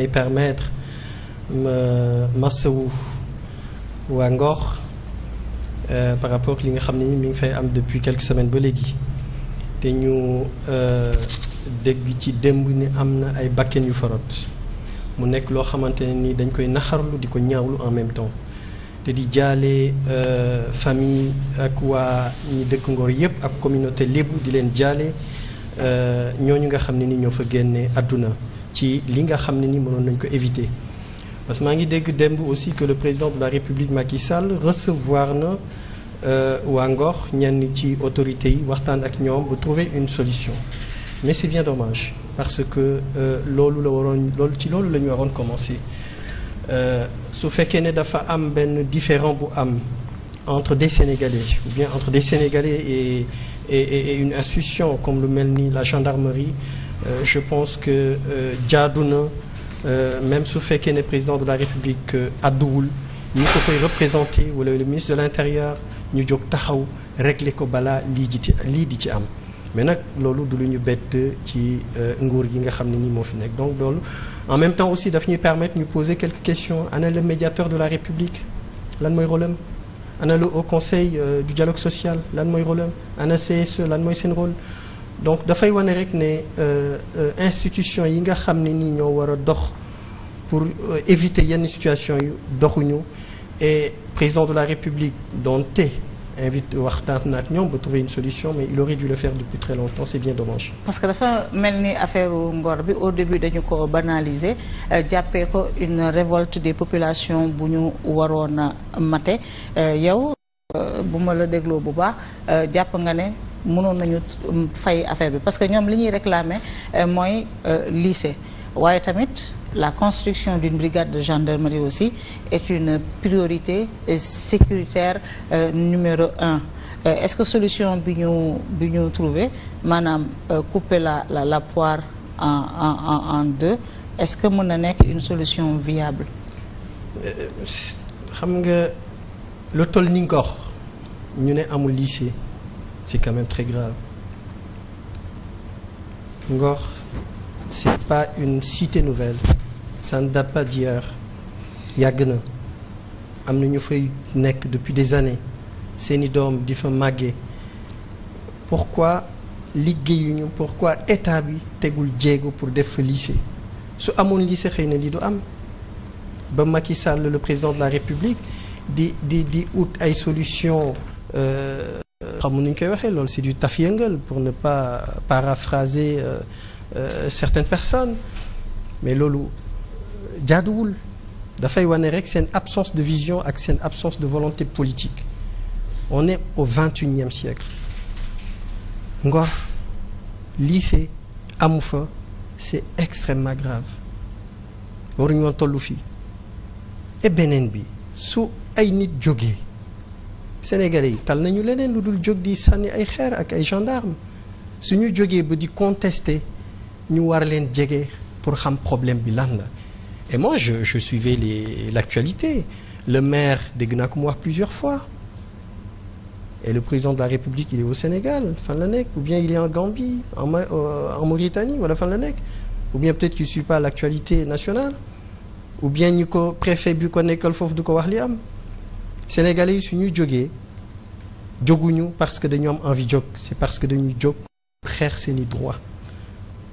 may permettre ma massawu waa Ngor euh, par rapport li nga xam ne mi ngi fay am depuis quelques semaine ba léegi te ñu euh, dégg ci démb ni am na ay bakken yu farot mu nekk loo xamante ne ni dañ koy naxarlu di ko ñaawlu en même temps te di jaale euh, famille ak waa ñi dëkk Ngor yépp ak communauté lébu di leen jaale ñooñu nga xam ne ni ñoo fa génne àdduna ci li nga xam ne ni mënoon nañ ko éviter parce que maa ngi dégg démb aussi que le président de la République Macky Sall recevoir na euh, waa Ngor ñenn ci autorités yi waxtaan ak ñoom ba trouver une solution mais c'est bien dommage parce que euh, loolu la waroon loolu ci loolu la ñu waroon commencer euh, su fekkee ne dafa am benn différent bu am entre des sénégalies ou bien entre des Sénégalais et et et une institution comme lu mel ni la gendarmerie Euh, je pense que euh, jaadu na euh, même su fekkee ne président de la république àdduwul ñu ko fay représenté wala le ministre de l'intérieur ñu jóg taxaw régler ko balaa lii di ci lii di ci am mais nag loolu du lu ñu bett ci nguur gi nga xam ne nii moo fi nekk donc loolu en même temps aussi daf ñuy permettre ñu poser quelques questions ana le médiateur de la république lan mooy rôle am ana le haut conseil du dialogue social lan mooy rôle am ana CSE lan mooy seen rôle donc dafay wane rek ne euh, euh, institution yi nga xam ne nii ñoo war a dox pour euh, éviter yenn situation yu doxuñu et président de la république te invite waxtaan na ak ñoom ba trouver une solution mais il aurait dû le faire depuis très longtemps c'est bien dommage. parce que dafa mel ni affaire ngor bi au début dañu ko banaliser jàppee ko une révolte des population bu ñu waroon a mate yow bu ma la dégloo bu baax jàpp nga ne. mënoon nañu um, fay affaire bi parce que ñoom li ñuy réclamer euh, mooy euh, lycée waaye tamit la construction d'une brigade de gendarmerie aussi est une priorité sécuritaire euh, numéro un est-ce que solution bi ñu bi ñu trouvé maanaam couper la la la poire en en en deux est-ce que mën na nekk une solution viable. xam nga lu toll ni nga ko wax ñu ne amul lycée. c'est quand même très grave Ngor c'est pas une cité nouvelle ça ne yàgg na am na ñu fay nekk depuis des années seeni doom di fa màggee pourquoi liggéeyuñu pourquoi état bi tegul jéego pour def fa lycée su amoon lycée xëy na lii du am ba Macky Sall le président de la République di di di ut ay solution euh, xam xamu nuñ koy waxee loolu c'est du taf yëngal pour ne pas paraphraser euh, euh, certaines personnes mais loolu euh, jaaduwul dafay wane rek seen absence de vision ak seen absence de volonté politique on est au vingt-et-unième siècle Ngor lycée amu fa c'est extrêmement grave waruñu woon tollu fii et beneen bi su ay nit jógee Sénégalais yi tal nañu leneen lu dul jóg di sànni ay xeer ak ay gendarme suñu jógee ba di contester ñu war leen jege pour xam problème bi lan la et moi je je suivais l'actualité le maire dégg naa ko mu wax plusieurs fois et le président de la République il est au Sénégal fan la nekk ou bien il est en Gambie en euh, Mauritanie wala fan la nekk ou bien peut-être qu'il suit pas l'actualité nationale ou bien ñu ko préfet bi ko nekkal foofu du ko wax li am. sénégalais yi su jógee jóguñu parce que dañu am envie jog c'est parce que dañu jóg xeex seeni droit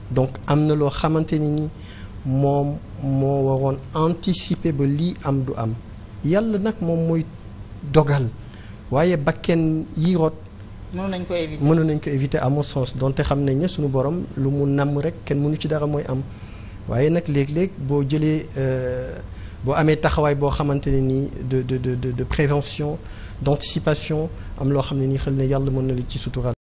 donc am na loo xamante ni ni moom moo waroon anticiper ba lii am du am yàlla nag moom mooy dogal waaye bakken yi rot mënoon nañ ko éviter mënoon nañ ko éviter à mon sens donte xam nañ ne suñu borom lu mu namm rek kenn mënu ci dara mooy am waaye nag léeg-léeg boo jëlee. Euh, boo amee taxawaay boo xamante ne nii de de de de prévention d'anticipation am loo xam ne nii xel ne yàlla mën na la ci suturaal